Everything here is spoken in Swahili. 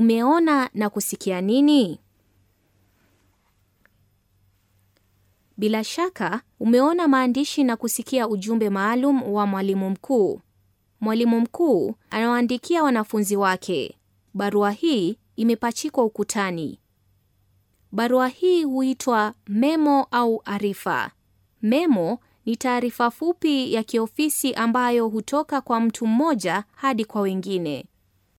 umeona na kusikia nini? Bila shaka umeona maandishi na kusikia ujumbe maalum wa mwalimu mkuu. Mwalimu mkuu anawaandikia wanafunzi wake. Barua hii imepachikwa ukutani. Barua hii huitwa memo au arifa. Memo ni taarifa fupi ya kiofisi ambayo hutoka kwa mtu mmoja hadi kwa wengine.